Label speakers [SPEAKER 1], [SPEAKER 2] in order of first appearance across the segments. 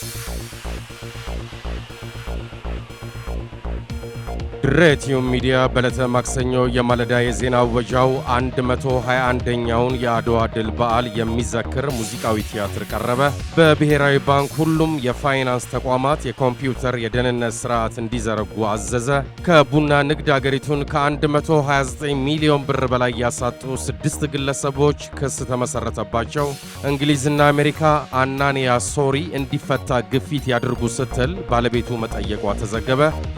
[SPEAKER 1] Thank you. ግሬቲዩ ሚዲያ በዕለተ ማክሰኞ የማለዳ የዜና ወጃው 121ኛውን የአድዋ ድል በዓል የሚዘክር ሙዚቃዊ ቲያትር ቀረበ። በብሔራዊ ባንክ ሁሉም የፋይናንስ ተቋማት የኮምፒውተር የደህንነት ስርዓት እንዲዘረጉ አዘዘ። ከቡና ንግድ አገሪቱን ከ129 ሚሊዮን ብር በላይ ያሳጡ ስድስት ግለሰቦች ክስ ተመሰረተባቸው። እንግሊዝና አሜሪካ አናንያ ሶሪ እንዲፈታ ግፊት ያድርጉ ስትል ባለቤቱ መጠየቋ ተዘገበ።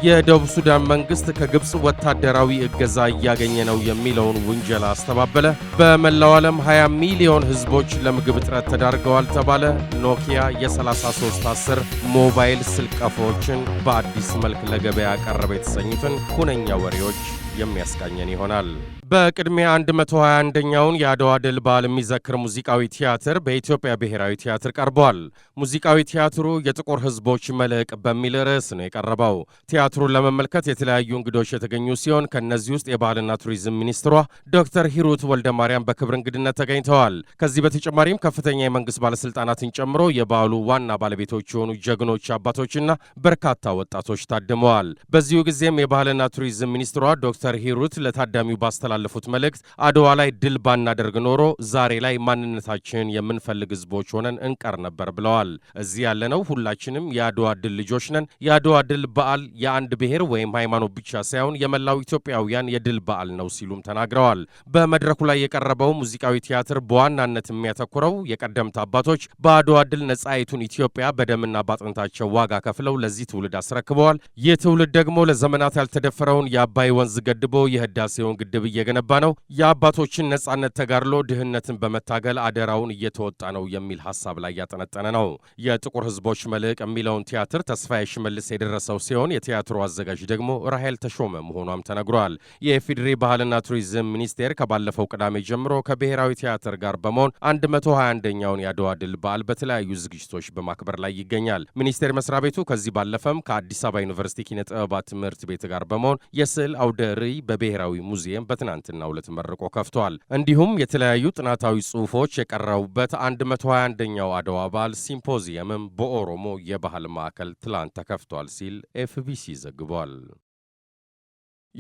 [SPEAKER 1] የደቡብ ሱዳን መንግስት መንግስት ከግብፅ ወታደራዊ እገዛ እያገኘ ነው የሚለውን ውንጀላ አስተባበለ። በመላው ዓለም 20 ሚሊዮን ሕዝቦች ለምግብ እጥረት ተዳርገዋል ተባለ። ኖኪያ የ3310 ሞባይል ቀፎዎችን በአዲስ መልክ ለገበያ ቀረበ። የተሰኙትን ሁነኛ ወሬዎች የሚያስቃኘን ይሆናል። በቅድሚያ 121ኛውን የአድዋ ድል በዓል የሚዘክር ሙዚቃዊ ቲያትር በኢትዮጵያ ብሔራዊ ቲያትር ቀርቧል። ሙዚቃዊ ቲያትሩ የጥቁር ሕዝቦች መልሕቅ በሚል ርዕስ ነው የቀረበው። ቲያትሩን ለመመልከት የተለያዩ የተለያዩ እንግዶች የተገኙ ሲሆን ከእነዚህ ውስጥ የባህልና ቱሪዝም ሚኒስትሯ ዶክተር ሂሩት ወልደ ማርያም በክብር እንግድነት ተገኝተዋል። ከዚህ በተጨማሪም ከፍተኛ የመንግስት ባለስልጣናትን ጨምሮ የበዓሉ ዋና ባለቤቶች የሆኑ ጀግኖች አባቶችና በርካታ ወጣቶች ታድመዋል። በዚሁ ጊዜም የባህልና ቱሪዝም ሚኒስትሯ ዶክተር ሂሩት ለታዳሚው ባስተላለፉት መልእክት አድዋ ላይ ድል ባናደርግ ኖሮ ዛሬ ላይ ማንነታችንን የምንፈልግ ህዝቦች ሆነን እንቀር ነበር ብለዋል። እዚህ ያለነው ሁላችንም የአድዋ ድል ልጆች ነን። የአድዋ ድል በዓል የአንድ ብሔር ወይም ሃይማኖት ብቻ ሳይሆን የመላው ኢትዮጵያውያን የድል በዓል ነው ሲሉም ተናግረዋል። በመድረኩ ላይ የቀረበው ሙዚቃዊ ቲያትር በዋናነት የሚያተኩረው የቀደምት አባቶች በአድዋ ድል ነጻይቱን ኢትዮጵያ በደምና በአጥንታቸው ዋጋ ከፍለው ለዚህ ትውልድ አስረክበዋል። ይህ ትውልድ ደግሞ ለዘመናት ያልተደፈረውን የአባይ ወንዝ ገድቦ የህዳሴውን ግድብ እየገነባ ነው። የአባቶችን ነጻነት ተጋድሎ ድህነትን በመታገል አደራውን እየተወጣ ነው የሚል ሀሳብ ላይ ያጠነጠነ ነው። የጥቁር ህዝቦች መልቅ የሚለውን ቲያትር ተስፋዬ ሽመልስ የደረሰው ሲሆን የቲያትሩ አዘጋጅ ደግሞ ራሄል ተሾመ መሆኗም ተነግሯል። የኢፌዴሪ ባህልና ቱሪዝም ሚኒስቴር ከባለፈው ቅዳሜ ጀምሮ ከብሔራዊ ቲያትር ጋር በመሆን 121ኛውን የአድዋ ድል በዓል በተለያዩ ዝግጅቶች በማክበር ላይ ይገኛል። ሚኒስቴር መስሪያ ቤቱ ከዚህ ባለፈም ከአዲስ አበባ ዩኒቨርሲቲ ኪነ ጥበባት ትምህርት ቤት ጋር በመሆን የስዕል አውደ ርዕይ በብሔራዊ ሙዚየም በትናንትናው ዕለት መርቆ ከፍቷል። እንዲሁም የተለያዩ ጥናታዊ ጽሑፎች የቀረቡበት 121ኛው አድዋ በዓል ሲምፖዚየምም በኦሮሞ የባህል ማዕከል ትላንት ተከፍቷል ሲል ኤፍቢሲ ዘግቧል።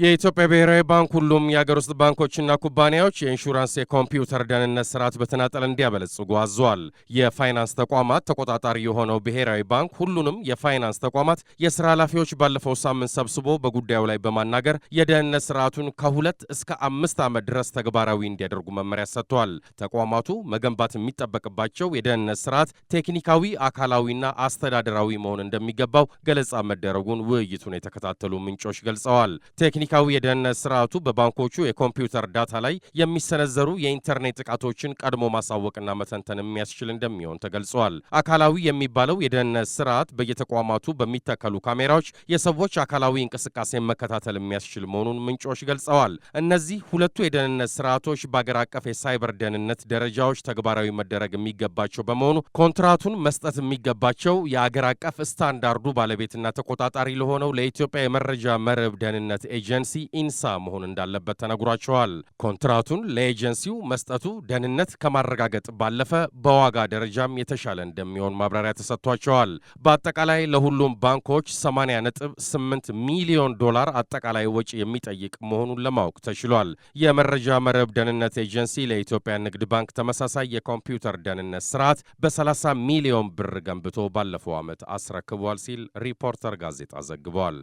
[SPEAKER 1] የኢትዮጵያ ብሔራዊ ባንክ ሁሉም የአገር ውስጥ ባንኮችና ኩባንያዎች የኢንሹራንስ የኮምፒውተር ደህንነት ስርዓት በተናጠል እንዲያበለጽጉ አዟል። የፋይናንስ ተቋማት ተቆጣጣሪ የሆነው ብሔራዊ ባንክ ሁሉንም የፋይናንስ ተቋማት የስራ ኃላፊዎች ባለፈው ሳምንት ሰብስቦ በጉዳዩ ላይ በማናገር የደህንነት ስርዓቱን ከሁለት እስከ አምስት ዓመት ድረስ ተግባራዊ እንዲያደርጉ መመሪያ ሰጥቷል። ተቋማቱ መገንባት የሚጠበቅባቸው የደህንነት ስርዓት ቴክኒካዊ፣ አካላዊና አስተዳደራዊ መሆን እንደሚገባው ገለጻ መደረጉን ውይይቱን የተከታተሉ ምንጮች ገልጸዋል። ቴክኒካዊ የደህንነት ስርዓቱ በባንኮቹ የኮምፒውተር ዳታ ላይ የሚሰነዘሩ የኢንተርኔት ጥቃቶችን ቀድሞ ማሳወቅና መተንተን የሚያስችል እንደሚሆን ተገልጿል። አካላዊ የሚባለው የደህንነት ስርዓት በየተቋማቱ በሚተከሉ ካሜራዎች የሰዎች አካላዊ እንቅስቃሴን መከታተል የሚያስችል መሆኑን ምንጮች ገልጸዋል። እነዚህ ሁለቱ የደህንነት ስርዓቶች በአገር አቀፍ የሳይበር ደህንነት ደረጃዎች ተግባራዊ መደረግ የሚገባቸው በመሆኑ ኮንትራቱን መስጠት የሚገባቸው የአገር አቀፍ ስታንዳርዱ ባለቤትና ተቆጣጣሪ ለሆነው ለኢትዮጵያ የመረጃ መረብ ደህንነት ኤጀንሲ ኤጀንሲ ኢንሳ መሆን እንዳለበት ተነግሯቸዋል። ኮንትራቱን ለኤጀንሲው መስጠቱ ደህንነት ከማረጋገጥ ባለፈ በዋጋ ደረጃም የተሻለ እንደሚሆን ማብራሪያ ተሰጥቷቸዋል። በአጠቃላይ ለሁሉም ባንኮች 80.8 ሚሊዮን ዶላር አጠቃላይ ወጪ የሚጠይቅ መሆኑን ለማወቅ ተችሏል። የመረጃ መረብ ደህንነት ኤጀንሲ ለኢትዮጵያ ንግድ ባንክ ተመሳሳይ የኮምፒውተር ደህንነት ስርዓት በ30 ሚሊዮን ብር ገንብቶ ባለፈው ዓመት አስረክቧል ሲል ሪፖርተር ጋዜጣ ዘግቧል።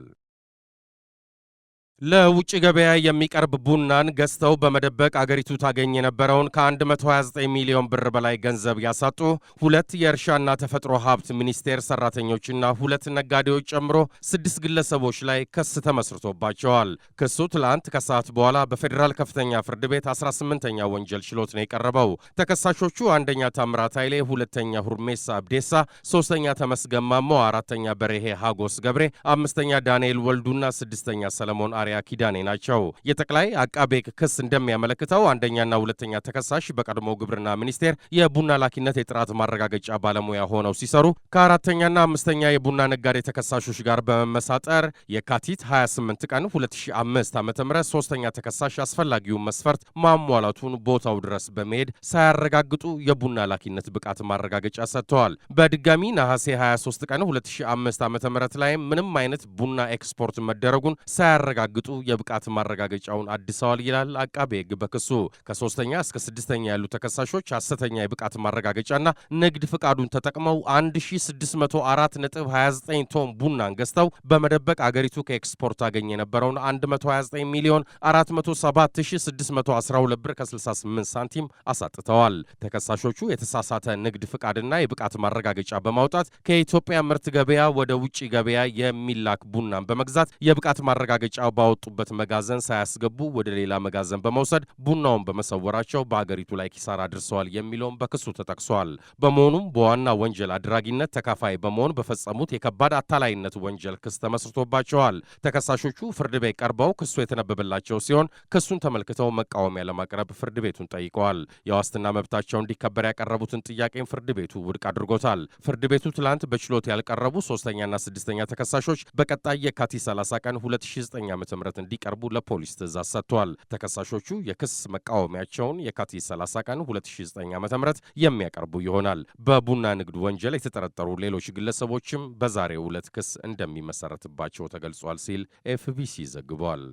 [SPEAKER 1] ለውጭ ገበያ የሚቀርብ ቡናን ገዝተው በመደበቅ አገሪቱ ታገኝ የነበረውን ከ129 ሚሊዮን ብር በላይ ገንዘብ ያሳጡ ሁለት የእርሻና ተፈጥሮ ሀብት ሚኒስቴር ሰራተኞችና ሁለት ነጋዴዎች ጨምሮ ስድስት ግለሰቦች ላይ ክስ ተመስርቶባቸዋል። ክሱ ትላንት ከሰዓት በኋላ በፌዴራል ከፍተኛ ፍርድ ቤት 18ኛ ወንጀል ችሎት ነው የቀረበው። ተከሳሾቹ አንደኛ ታምራት ኃይሌ፣ ሁለተኛ ሁርሜሳ አብዴሳ፣ ሶስተኛ ተመስገን ማሞ፣ አራተኛ በርሄ ሀጎስ ገብሬ፣ አምስተኛ ዳንኤል ወልዱና ስድስተኛ ሰለሞን ማሪያ ኪዳኔ ናቸው። የጠቅላይ አቃቤ ክስ እንደሚያመለክተው አንደኛና ሁለተኛ ተከሳሽ በቀድሞ ግብርና ሚኒስቴር የቡና ላኪነት የጥራት ማረጋገጫ ባለሙያ ሆነው ሲሰሩ ከአራተኛና አምስተኛ የቡና ነጋዴ ተከሳሾች ጋር በመመሳጠር የካቲት 28 ቀን 2005 ዓ ም ሶስተኛ ተከሳሽ አስፈላጊውን መስፈርት ማሟላቱን ቦታው ድረስ በመሄድ ሳያረጋግጡ የቡና ላኪነት ብቃት ማረጋገጫ ሰጥተዋል። በድጋሚ ነሐሴ 23 ቀን 2005 ዓ ም ላይ ምንም አይነት ቡና ኤክስፖርት መደረጉን ሳያረጋግጡ ሳያረጋግጡ የብቃት ማረጋገጫውን አድሰዋል ይላል አቃቤ ግበክሱ በክሱ ከሶስተኛ እስከ ስድስተኛ ያሉ ተከሳሾች ሐሰተኛ የብቃት ማረጋገጫና ንግድ ፍቃዱን ተጠቅመው 1604.29 ቶን ቡናን ገዝተው በመደበቅ አገሪቱ ከኤክስፖርት አገኝ የነበረውን 129 ሚሊዮን 47612 ብር ከ68 ሳንቲም አሳጥተዋል። ተከሳሾቹ የተሳሳተ ንግድ ፍቃድና የብቃት ማረጋገጫ በማውጣት ከኢትዮጵያ ምርት ገበያ ወደ ውጭ ገበያ የሚላክ ቡናን በመግዛት የብቃት ማረጋገጫ ካወጡበት መጋዘን ሳያስገቡ ወደ ሌላ መጋዘን በመውሰድ ቡናውን በመሰወራቸው በአገሪቱ ላይ ኪሳራ አድርሰዋል የሚለውም በክሱ ተጠቅሷል። በመሆኑም በዋና ወንጀል አድራጊነት ተካፋይ በመሆን በፈጸሙት የከባድ አታላይነት ወንጀል ክስ ተመስርቶባቸዋል። ተከሳሾቹ ፍርድ ቤት ቀርበው ክሱ የተነበበላቸው ሲሆን ክሱን ተመልክተው መቃወሚያ ለማቅረብ ፍርድ ቤቱን ጠይቀዋል። የዋስትና መብታቸው እንዲከበር ያቀረቡትን ጥያቄም ፍርድ ቤቱ ውድቅ አድርጎታል። ፍርድ ቤቱ ትላንት በችሎት ያልቀረቡ ሶስተኛና ስድስተኛ ተከሳሾች በቀጣይ የካቲት 30 ቀን 2009 ዓ.ም እንዲቀርቡ ለፖሊስ ትእዛዝ ሰጥቷል። ተከሳሾቹ የክስ መቃወሚያቸውን የካቲት 30 ቀን 2009 ዓ.ም የሚያቀርቡ ይሆናል። በቡና ንግድ ወንጀል የተጠረጠሩ ሌሎች ግለሰቦችም በዛሬው ዕለት ክስ እንደሚመሰረትባቸው ተገልጿል ሲል ኤፍቢሲ ዘግቧል።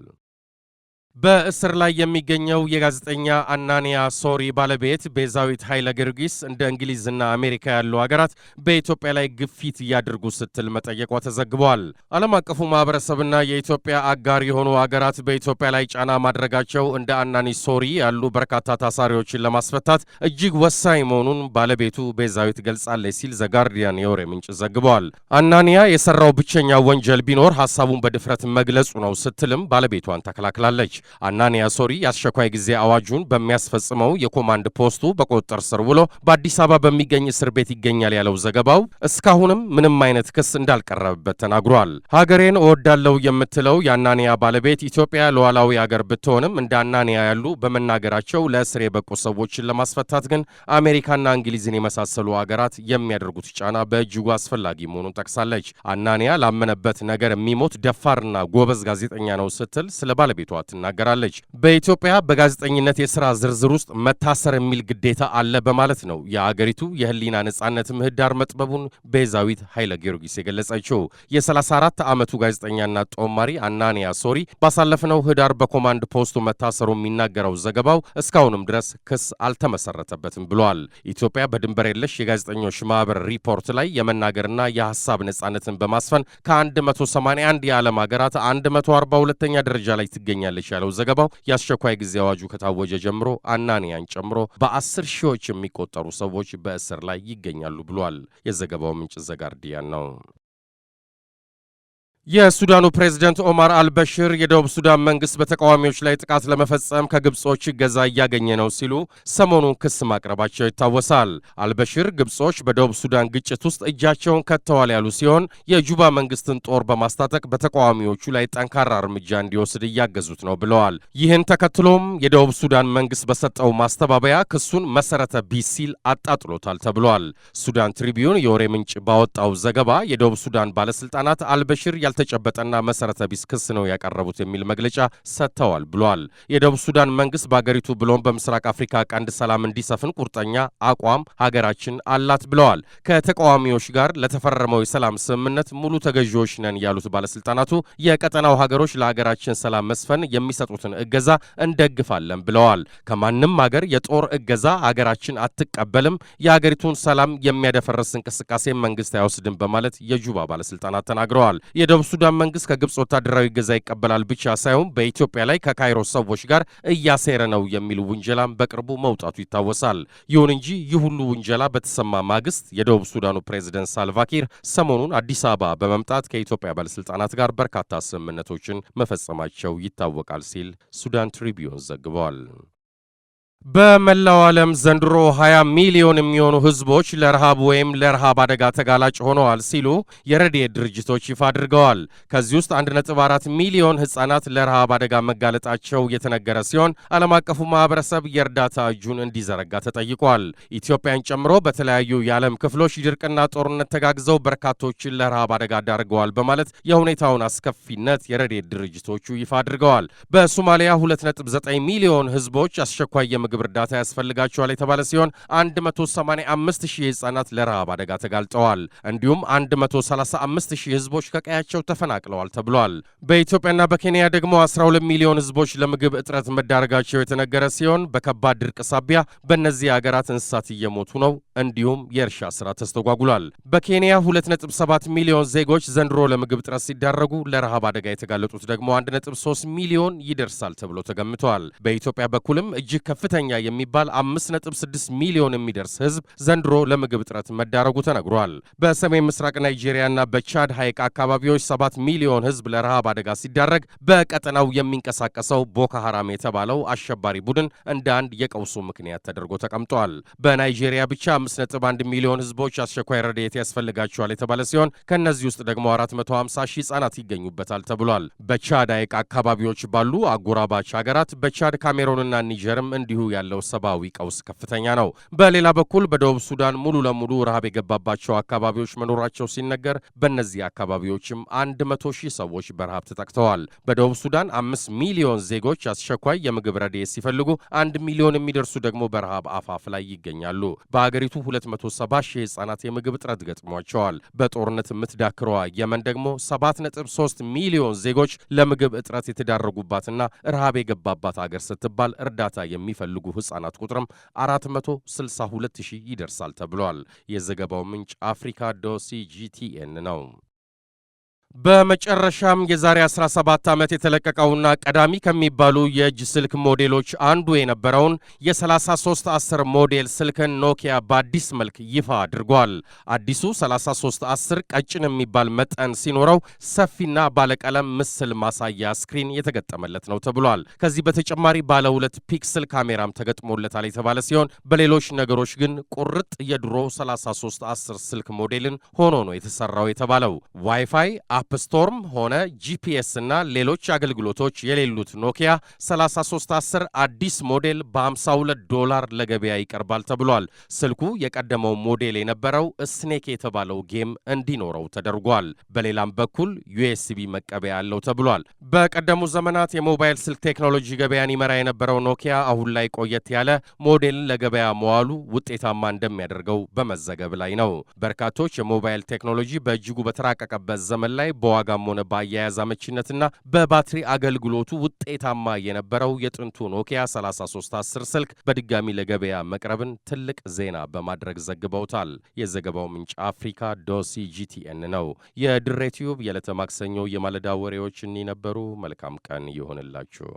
[SPEAKER 1] በእስር ላይ የሚገኘው የጋዜጠኛ አናንያ ሶሪ ባለቤት ቤዛዊት ኃይለ ጊዮርጊስ እንደ እንግሊዝና አሜሪካ ያሉ ሀገራት በኢትዮጵያ ላይ ግፊት እያደርጉ ስትል መጠየቋ ተዘግቧል። ዓለም አቀፉ ማህበረሰብና የኢትዮጵያ አጋር የሆኑ ሀገራት በኢትዮጵያ ላይ ጫና ማድረጋቸው እንደ አናኒ ሶሪ ያሉ በርካታ ታሳሪዎችን ለማስፈታት እጅግ ወሳኝ መሆኑን ባለቤቱ ቤዛዊት ገልጻለች ሲል ዘጋርዲያን የወሬ ምንጭ ዘግቧል። አናንያ የሰራው ብቸኛው ወንጀል ቢኖር ሀሳቡን በድፍረት መግለጹ ነው ስትልም ባለቤቷን ተከላክላለች። አናንያ ሶሪ የአስቸኳይ ጊዜ አዋጁን በሚያስፈጽመው የኮማንድ ፖስቱ በቁጥጥር ስር ውሎ በአዲስ አበባ በሚገኝ እስር ቤት ይገኛል ያለው ዘገባው እስካሁንም ምንም አይነት ክስ እንዳልቀረበበት ተናግሯል። ሀገሬን እወዳለሁ የምትለው የአናንያ ባለቤት ኢትዮጵያ ሉዓላዊ አገር ብትሆንም እንደ አናንያ ያሉ በመናገራቸው ለእስር የበቁ ሰዎችን ለማስፈታት ግን አሜሪካና እንግሊዝን የመሳሰሉ አገራት የሚያደርጉት ጫና በእጅጉ አስፈላጊ መሆኑን ጠቅሳለች። አናንያ ላመነበት ነገር የሚሞት ደፋርና ጎበዝ ጋዜጠኛ ነው ስትል ስለ ባለቤቷ ትናገ ትናገራለች። በኢትዮጵያ በጋዜጠኝነት የስራ ዝርዝር ውስጥ መታሰር የሚል ግዴታ አለ በማለት ነው የአገሪቱ የህሊና ነጻነት ምህዳር መጥበቡን ቤዛዊት ኃይለ ጊዮርጊስ የገለጸችው። የ34 ዓመቱ ጋዜጠኛና ጦማሪ አናንያ ሶሪ ባሳለፍነው ህዳር በኮማንድ ፖስቱ መታሰሩ የሚናገረው ዘገባው እስካሁንም ድረስ ክስ አልተመሰረተበትም ብሏል። ኢትዮጵያ በድንበር የለሽ የጋዜጠኞች ማህበር ሪፖርት ላይ የመናገርና የሀሳብ ነጻነትን በማስፈን ከ181 የዓለም ሀገራት 142ኛ ደረጃ ላይ ትገኛለች ያለው እንዳለው ዘገባው የአስቸኳይ ጊዜ አዋጁ ከታወጀ ጀምሮ አናንያን ጨምሮ በአስር ሺዎች የሚቆጠሩ ሰዎች በእስር ላይ ይገኛሉ ብሏል። የዘገባው ምንጭ ዘጋርዲያን ነው። የሱዳኑ ፕሬዝደንት ኦማር አልበሽር የደቡብ ሱዳን መንግስት በተቃዋሚዎች ላይ ጥቃት ለመፈጸም ከግብጾች እገዛ እያገኘ ነው ሲሉ ሰሞኑን ክስ ማቅረባቸው ይታወሳል። አልበሽር ግብጾች በደቡብ ሱዳን ግጭት ውስጥ እጃቸውን ከተዋል ያሉ ሲሆን የጁባ መንግስትን ጦር በማስታጠቅ በተቃዋሚዎቹ ላይ ጠንካራ እርምጃ እንዲወስድ እያገዙት ነው ብለዋል። ይህን ተከትሎም የደቡብ ሱዳን መንግስት በሰጠው ማስተባበያ ክሱን መሰረተ ቢስ ሲል አጣጥሎታል ተብሏል። ሱዳን ትሪቢዩን የወሬ ምንጭ ባወጣው ዘገባ የደቡብ ሱዳን ባለስልጣናት አልበሽር ያልተጨበጠና መሰረተ ቢስ ክስ ነው ያቀረቡት የሚል መግለጫ ሰጥተዋል ብሏል። የደቡብ ሱዳን መንግስት በአገሪቱ ብሎም በምስራቅ አፍሪካ ቀንድ ሰላም እንዲሰፍን ቁርጠኛ አቋም ሀገራችን አላት ብለዋል። ከተቃዋሚዎች ጋር ለተፈረመው የሰላም ስምምነት ሙሉ ተገዢዎች ነን ያሉት ባለስልጣናቱ የቀጠናው ሀገሮች ለሀገራችን ሰላም መስፈን የሚሰጡትን እገዛ እንደግፋለን ብለዋል። ከማንም ሀገር የጦር እገዛ ሀገራችን አትቀበልም፣ የሀገሪቱን ሰላም የሚያደፈርስ እንቅስቃሴ መንግስት አይወስድም በማለት የጁባ ባለስልጣናት ተናግረዋል። የደቡብ የደቡብ ሱዳን መንግስት ከግብፅ ወታደራዊ ገዛ ይቀበላል ብቻ ሳይሆን በኢትዮጵያ ላይ ከካይሮ ሰዎች ጋር እያሴረ ነው የሚል ውንጀላም በቅርቡ መውጣቱ ይታወሳል። ይሁን እንጂ ይህ ሁሉ ውንጀላ በተሰማ ማግስት የደቡብ ሱዳኑ ፕሬዝደንት ሳልቫኪር ሰሞኑን አዲስ አበባ በመምጣት ከኢትዮጵያ ባለስልጣናት ጋር በርካታ ስምምነቶችን መፈጸማቸው ይታወቃል ሲል ሱዳን ትሪቢዩን ዘግቧል። በመላው ዓለም ዘንድሮ 20 ሚሊዮን የሚሆኑ ህዝቦች ለረሃብ ወይም ለረሃብ አደጋ ተጋላጭ ሆነዋል ሲሉ የረድኤት ድርጅቶች ይፋ አድርገዋል። ከዚህ ውስጥ 1.4 ሚሊዮን ህጻናት ለረሃብ አደጋ መጋለጣቸው የተነገረ ሲሆን ዓለም አቀፉ ማህበረሰብ የእርዳታ እጁን እንዲዘረጋ ተጠይቋል። ኢትዮጵያን ጨምሮ በተለያዩ የዓለም ክፍሎች ድርቅና ጦርነት ተጋግዘው በርካቶችን ለረሃብ አደጋ ዳርገዋል በማለት የሁኔታውን አስከፊነት የረድኤት ድርጅቶቹ ይፋ አድርገዋል። በሶማሊያ 2.9 ሚሊዮን ህዝቦች አስቸኳይ የምግብ የምግብ እርዳታ ያስፈልጋቸዋል የተባለ ሲሆን 185 ሺህ ህጻናት ለረሃብ አደጋ ተጋልጠዋል። እንዲሁም 135 ሺህ ህዝቦች ከቀያቸው ተፈናቅለዋል ተብሏል። በኢትዮጵያና በኬንያ ደግሞ 12 ሚሊዮን ህዝቦች ለምግብ እጥረት መዳረጋቸው የተነገረ ሲሆን በከባድ ድርቅ ሳቢያ በእነዚህ ሀገራት እንስሳት እየሞቱ ነው። እንዲሁም የእርሻ ስራ ተስተጓጉሏል። በኬንያ 2.7 ሚሊዮን ዜጎች ዘንድሮ ለምግብ እጥረት ሲዳረጉ ለረሃብ አደጋ የተጋለጡት ደግሞ 1.3 ሚሊዮን ይደርሳል ተብሎ ተገምተዋል። በኢትዮጵያ በኩልም እጅግ ከፍተኛ ከፍተኛ የሚባል 5.6 ሚሊዮን የሚደርስ ህዝብ ዘንድሮ ለምግብ እጥረት መዳረጉ ተነግሯል። በሰሜን ምስራቅ ናይጄሪያና በቻድ ሐይቅ አካባቢዎች 7 ሚሊዮን ህዝብ ለረሃብ አደጋ ሲዳረግ በቀጠናው የሚንቀሳቀሰው ቦኮ ሐራም የተባለው አሸባሪ ቡድን እንደ አንድ የቀውሱ ምክንያት ተደርጎ ተቀምጧል። በናይጄሪያ ብቻ 5.1 ሚሊዮን ህዝቦች አስቸኳይ ረድኤት ያስፈልጋቸዋል የተባለ ሲሆን ከእነዚህ ውስጥ ደግሞ 450 ሺህ ህጻናት ይገኙበታል ተብሏል። በቻድ ሐይቅ አካባቢዎች ባሉ አጎራባች ሀገራት በቻድ ካሜሮንና ኒጀርም እንዲሁ ያለው ሰብአዊ ቀውስ ከፍተኛ ነው። በሌላ በኩል በደቡብ ሱዳን ሙሉ ለሙሉ ረሃብ የገባባቸው አካባቢዎች መኖራቸው ሲነገር በእነዚህ አካባቢዎችም አንድ መቶ ሺህ ሰዎች በረሃብ ተጠቅተዋል። በደቡብ ሱዳን አምስት ሚሊዮን ዜጎች አስቸኳይ የምግብ ረድኤት ሲፈልጉ አንድ ሚሊዮን የሚደርሱ ደግሞ በረሃብ አፋፍ ላይ ይገኛሉ። በአገሪቱ 270 ሺህ ህጻናት የምግብ እጥረት ገጥሟቸዋል። በጦርነት የምትዳክረዋ የመን ደግሞ 7.3 ሚሊዮን ዜጎች ለምግብ እጥረት የተዳረጉባትና ረሃብ የገባባት አገር ስትባል እርዳታ የሚፈልጉ የሚፈልጉ ህጻናት ቁጥርም 462 ሺህ ይደርሳል ተብሏል። የዘገባው ምንጭ አፍሪካ ዶሲ ጂቲኤን ነው። በመጨረሻም የዛሬ 17 ዓመት የተለቀቀውና ቀዳሚ ከሚባሉ የእጅ ስልክ ሞዴሎች አንዱ የነበረውን የ3310 ሞዴል ስልክን ኖኪያ በአዲስ መልክ ይፋ አድርጓል። አዲሱ 3310 ቀጭን የሚባል መጠን ሲኖረው ሰፊና ባለቀለም ምስል ማሳያ ስክሪን የተገጠመለት ነው ተብሏል። ከዚህ በተጨማሪ ባለ ሁለት ፒክስል ካሜራም ተገጥሞለታል የተባለ ሲሆን በሌሎች ነገሮች ግን ቁርጥ የድሮ 3310 ስልክ ሞዴልን ሆኖ ነው የተሰራው የተባለው ዋይፋይ አፕስቶርም ሆነ ጂፒኤስ እና ሌሎች አገልግሎቶች የሌሉት ኖኪያ 3310 አዲስ ሞዴል በ52 ዶላር ለገበያ ይቀርባል ተብሏል። ስልኩ የቀደመው ሞዴል የነበረው ስኔክ የተባለው ጌም እንዲኖረው ተደርጓል። በሌላም በኩል ዩኤስቢ መቀበያ አለው ተብሏል። በቀደሙ ዘመናት የሞባይል ስልክ ቴክኖሎጂ ገበያን ይመራ የነበረው ኖኪያ አሁን ላይ ቆየት ያለ ሞዴልን ለገበያ መዋሉ ውጤታማ እንደሚያደርገው በመዘገብ ላይ ነው። በርካቶች የሞባይል ቴክኖሎጂ በእጅጉ በተራቀቀበት ዘመን ላይ በዋጋም ሆነ በአያያዝ አመቺነትና በባትሪ አገልግሎቱ ውጤታማ የነበረው የጥንቱ ኖኪያ 3310 ስልክ በድጋሚ ለገበያ መቅረብን ትልቅ ዜና በማድረግ ዘግበውታል። የዘገባው ምንጭ አፍሪካ ዶሲ ጂቲኤን ነው። የድሬ ቲዩብ የዕለተ ማክሰኞ የማለዳ ወሬዎች እኒ ነበሩ። መልካም ቀን ይሁንላችሁ።